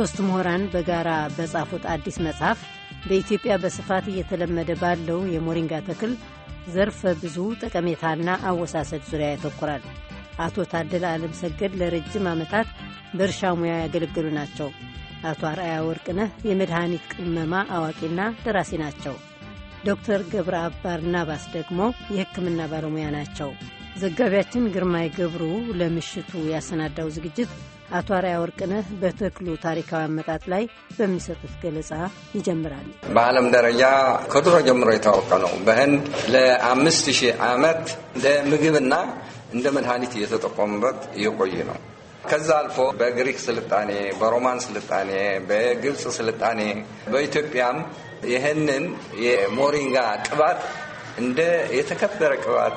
ሶስት ምሁራን በጋራ በጻፉት አዲስ መጽሐፍ በኢትዮጵያ በስፋት እየተለመደ ባለው የሞሪንጋ ተክል ዘርፈ ብዙ ጠቀሜታና አወሳሰድ ዙሪያ ያተኩራል። አቶ ታደለ አለም ሰገድ ለረጅም ዓመታት በእርሻ ሙያ ያገለገሉ ናቸው። አቶ አርአያ ወርቅነህ የመድኃኒት ቅመማ አዋቂና ደራሲ ናቸው። ዶክተር ገብረአብ ባርናባስ ደግሞ የሕክምና ባለሙያ ናቸው። ዘጋቢያችን ግርማይ ገብሩ ለምሽቱ ያሰናዳው ዝግጅት አቶ አርያ ወርቅነህ በተክሉ ታሪካዊ አመጣጥ ላይ በሚሰጡት ገለጻ ይጀምራል። በዓለም ደረጃ ከድሮ ጀምሮ የታወቀ ነው። በህንድ ለአምስት ሺህ ዓመት ምግብና እንደ መድኃኒት እየተጠቆሙበት እየቆየ ነው። ከዛ አልፎ በግሪክ ስልጣኔ፣ በሮማን ስልጣኔ፣ በግብፅ ስልጣኔ፣ በኢትዮጵያም ይህንን የሞሪንጋ ቅባት እንደ የተከበረ ቅባት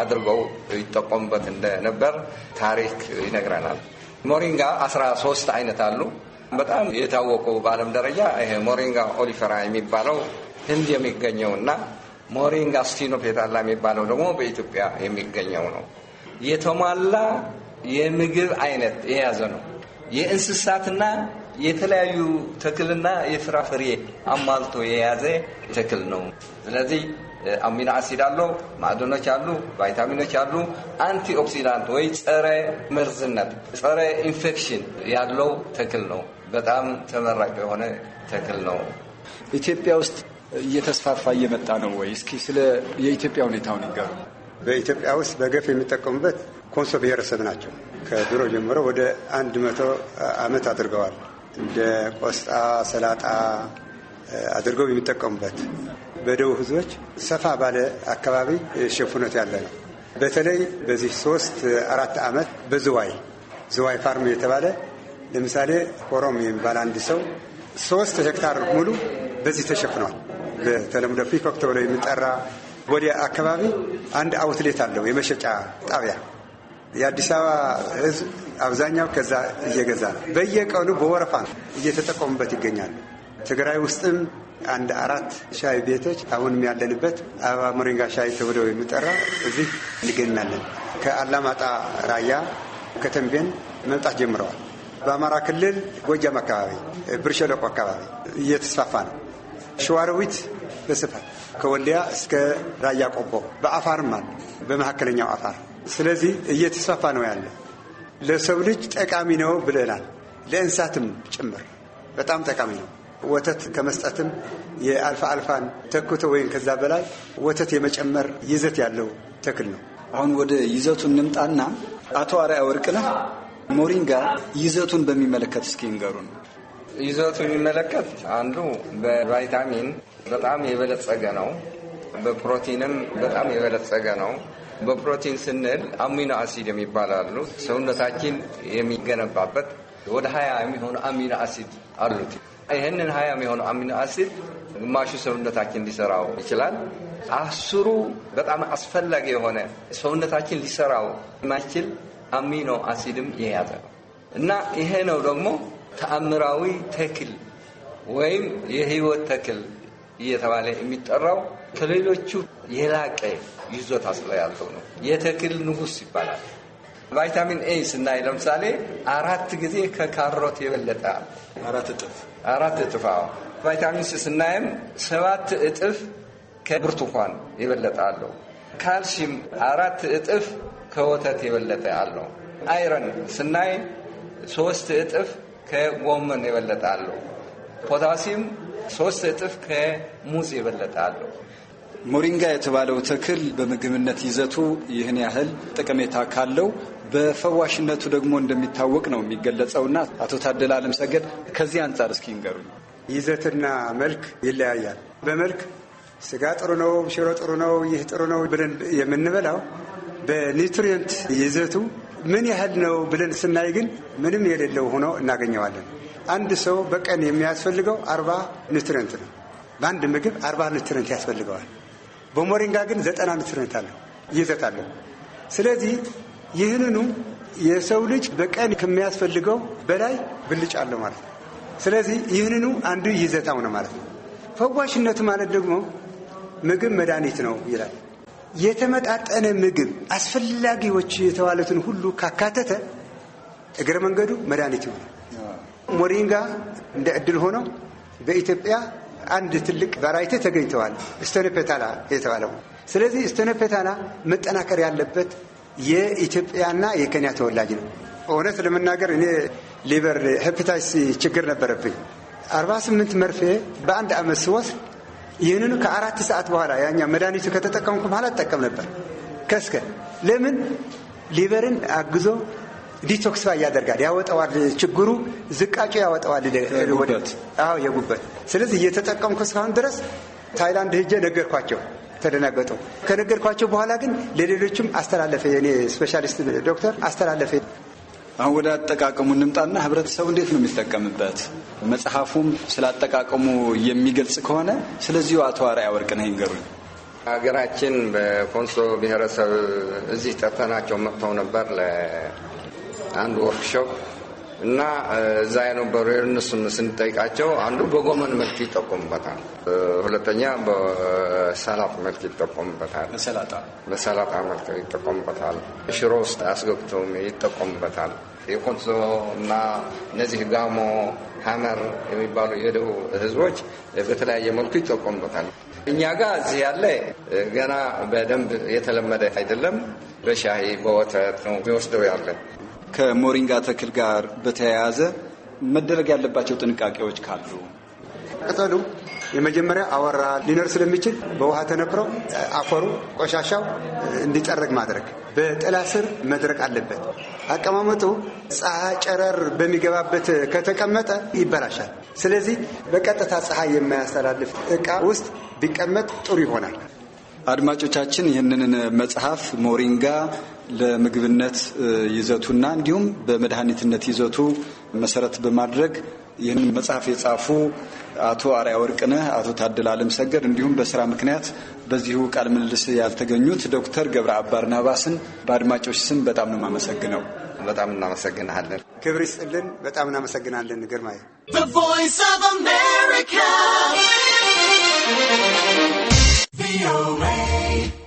አድርገው ይጠቆሙበት እንደነበር ታሪክ ይነግረናል። ሞሪንጋ 13 አይነት አሉ። በጣም የታወቁ በዓለም ደረጃ ይሄ ሞሪንጋ ኦሊፈራ የሚባለው ህንድ የሚገኘው እና ሞሪንጋ ስቲኖፔታላ የሚባለው ደግሞ በኢትዮጵያ የሚገኘው ነው። የተሟላ የምግብ አይነት የያዘ ነው። የእንስሳትና የተለያዩ ተክልና የፍራፍሬ አሟልቶ የያዘ ተክል ነው። ስለዚህ አሚኖ አሲድ አለው፣ ማዕድኖች አሉ፣ ቫይታሚኖች አሉ። አንቲ ኦክሲዳንት ወይ ጸረ መርዝነት ጸረ ኢንፌክሽን ያለው ተክል ነው። በጣም ተመራቂ የሆነ ተክል ነው። ኢትዮጵያ ውስጥ እየተስፋፋ እየመጣ ነው ወይ? እስኪ ስለ የኢትዮጵያ ሁኔታውን ይገሩ። በኢትዮጵያ ውስጥ በገፍ የሚጠቀሙበት ኮንሶ ብሔረሰብ ናቸው። ከድሮ ጀምሮ ወደ አንድ መቶ ዓመት አድርገዋል። እንደ ቆስጣ፣ ሰላጣ አድርገው የሚጠቀሙበት በደቡብ ህዝቦች ሰፋ ባለ አካባቢ ሸፍኖት ያለ ነው። በተለይ በዚህ ሶስት አራት ዓመት በዝዋይ ዝዋይ ፋርም የተባለ ለምሳሌ ኦሮም የሚባል አንድ ሰው ሶስት ሄክታር ሙሉ በዚህ ተሸፍኗል። በተለምዶ ፒኮክ ተብሎ የሚጠራ ወዲያ አካባቢ አንድ አውትሌት አለው የመሸጫ ጣቢያ። የአዲስ አበባ ህዝብ አብዛኛው ከዛ እየገዛ ነው። በየቀኑ በወረፋ እየተጠቀሙበት ይገኛሉ። ትግራይ ውስጥም አንድ አራት ሻይ ቤቶች አሁንም ያለንበት አበባ ሞሪንጋ ሻይ ተብሎ የሚጠራ እዚህ እንገኛለን። ከአላማጣ ራያ ከተንቤን መምጣት ጀምረዋል። በአማራ ክልል ጎጃም አካባቢ፣ ብርሸለቆ አካባቢ እየተስፋፋ ነው። ሸዋሮቢት በስፋት ከወልዲያ እስከ ራያ ቆቦ፣ በአፋርም አለ፣ በመካከለኛው አፋር። ስለዚህ እየተስፋፋ ነው ያለ ለሰው ልጅ ጠቃሚ ነው ብለናል። ለእንስሳትም ጭምር በጣም ጠቃሚ ነው። ወተት ከመስጠትም የአልፋ አልፋን ተክቶ ወይም ከዛ በላይ ወተት የመጨመር ይዘት ያለው ተክል ነው። አሁን ወደ ይዘቱ እንምጣና አቶ አርአያ ወርቅነህ ሞሪንጋ ይዘቱን በሚመለከት እስኪ ንገሩን። ይዘቱ የሚመለከት አንዱ በቫይታሚን በጣም የበለጸገ ነው። በፕሮቲንም በጣም የበለጸገ ነው። በፕሮቲን ስንል አሚኖ አሲድ የሚባላሉ ሰውነታችን የሚገነባበት ወደ ሀያ የሚሆኑ አሚኖ አሲድ አሉት። ይህንን ሀያ የሆነው አሚኖ አሲድ ግማሹ ሰውነታችን ሊሰራው ይችላል። አስሩ በጣም አስፈላጊ የሆነ ሰውነታችን ሊሰራው የማይችል አሚኖ አሲድም የያዘ ነው እና ይሄ ነው ደግሞ ተአምራዊ ተክል ወይም የህይወት ተክል እየተባለ የሚጠራው ከሌሎቹ የላቀ ይዞታ ስለ ያለው ነው። የተክል ንጉስ ይባላል። ቫይታሚን ኤ ስናይ ለምሳሌ አራት ጊዜ ከካሮት የበለጠ አራት እጥፍ አራት እጥፍ ቫይታሚን ሲ ስናይም ሰባት እጥፍ ከብርቱካን የበለጠ አለው። ካልሲየም አራት እጥፍ ከወተት የበለጠ አለው። አይረን ስናይ ሶስት እጥፍ ከጎመን የበለጠ አለው። ፖታሲም ሶስት እጥፍ ከሙዝ የበለጠ አለው። ሞሪንጋ የተባለው ተክል በምግብነት ይዘቱ ይህን ያህል ጠቀሜታ ካለው በፈዋሽነቱ ደግሞ እንደሚታወቅ ነው የሚገለጸውና አቶ ታደለ አለም ሰገድ ከዚህ አንጻር እስኪ ንገሩኝ። ይዘትና መልክ ይለያያል። በመልክ ስጋ ጥሩ ነው፣ ሽሮ ጥሩ ነው፣ ይህ ጥሩ ነው ብለን የምንበላው በኒውትሪየንት ይዘቱ ምን ያህል ነው ብለን ስናይ ግን ምንም የሌለው ሆኖ እናገኘዋለን። አንድ ሰው በቀን የሚያስፈልገው አርባ ኒውትሪየንት ነው። በአንድ ምግብ አርባ ኒውትሪየንት ያስፈልገዋል። በሞሪንጋ ግን ዘጠና ንጥርነት አለው ይዘት አለው። ስለዚህ ይህንኑ የሰው ልጅ በቀን ከሚያስፈልገው በላይ ብልጭ አለው ማለት ነው። ስለዚህ ይህንኑ አንዱ ይዘታው ነው ማለት ነው። ፈዋሽነት ማለት ደግሞ ምግብ መድኃኒት ነው ይላል። የተመጣጠነ ምግብ አስፈላጊዎች የተባሉትን ሁሉ ካካተተ እግረ መንገዱ መድኃኒት ይሆናል። ሞሪንጋ እንደ ዕድል ሆነው በኢትዮጵያ አንድ ትልቅ ቫራይቲ ተገኝተዋል። ስቴኖፔታላ የተባለው ስለዚህ ስቴኖፔታላ መጠናከር ያለበት የኢትዮጵያና የኬንያ ተወላጅ ነው። እውነት ለመናገር እኔ ሊቨር ሄፕታይስ ችግር ነበረብኝ። 48 መርፌ በአንድ ዓመት ስወስድ ይህንን ከአራት ሰዓት በኋላ ያኛ መድኃኒቱ ከተጠቀምኩ በኋላ ትጠቀም ነበር ከስከ ለምን ሊቨርን አግዞ ዲቶክስ ያደርጋል፣ ያወጣዋል። ችግሩ ዝቃጩ ያወጣዋል ወደት። አዎ የጉበት ስለዚህ እየተጠቀምኩ እስካሁን ድረስ ታይላንድ ሂጄ ነገርኳቸው። ተደናገጡ። ከነገርኳቸው በኋላ ግን ለሌሎችም አስተላለፈ። የኔ ስፔሻሊስት ዶክተር አስተላለፈ። አሁን ወደ አጠቃቀሙ እንምጣና ህብረተሰቡ እንዴት ነው የሚጠቀምበት? መጽሐፉም ስለ አጠቃቀሙ የሚገልጽ ከሆነ ስለዚሁ አቶ አርአያ ነው ይንገሩኝ። ሀገራችን በኮንሶ ብሔረሰብ እዚህ ጠርተናቸው መጥተው ነበር አንድ ወርክሾፕ እና እዛ የነበሩ እነሱን ስንጠይቃቸው አንዱ በጎመን መልክ ይጠቆሙበታል፣ ሁለተኛ በሰላጥ መልክ ይጠቆሙበታል፣ በሰላጣ መልክ ይጠቆሙበታል፣ ሽሮ ውስጥ አስገብቶም ይጠቆሙበታል። የኮንሶ እና እነዚህ ጋሞ ሀመር የሚባሉ የደቡብ ህዝቦች በተለያየ መልኩ ይጠቆሙበታል። እኛ ጋር እዚህ ያለ ገና በደንብ የተለመደ አይደለም። በሻሂ በወተት ነው የሚወስደው ያለን ከሞሪንጋ ተክል ጋር በተያያዘ መደረግ ያለባቸው ጥንቃቄዎች ካሉ ቅጠሉ የመጀመሪያ አወራ ሊኖር ስለሚችል በውሃ ተነክረው አፈሩ ቆሻሻው እንዲጠረግ ማድረግ፣ በጥላ ስር መድረቅ አለበት። አቀማመጡ ፀሐይ ጨረር በሚገባበት ከተቀመጠ ይበላሻል። ስለዚህ በቀጥታ ፀሐይ የማያስተላልፍ እቃ ውስጥ ቢቀመጥ ጥሩ ይሆናል። አድማጮቻችን ይህንን መጽሐፍ ሞሪንጋ ለምግብነት ይዘቱና እንዲሁም በመድኃኒትነት ይዘቱ መሰረት በማድረግ ይህን መጽሐፍ የጻፉ አቶ አርያ ወርቅነህ፣ አቶ ታደለ አለምሰገድ እንዲሁም በስራ ምክንያት በዚሁ ቃል ምልልስ ያልተገኙት ዶክተር ገብረ አባር ናባስን በአድማጮች ስም በጣም ነው የማመሰግነው። በጣም እናመሰግናለን። ክብር ይስጥልን። በጣም እናመሰግናለን። ግርማ VOA.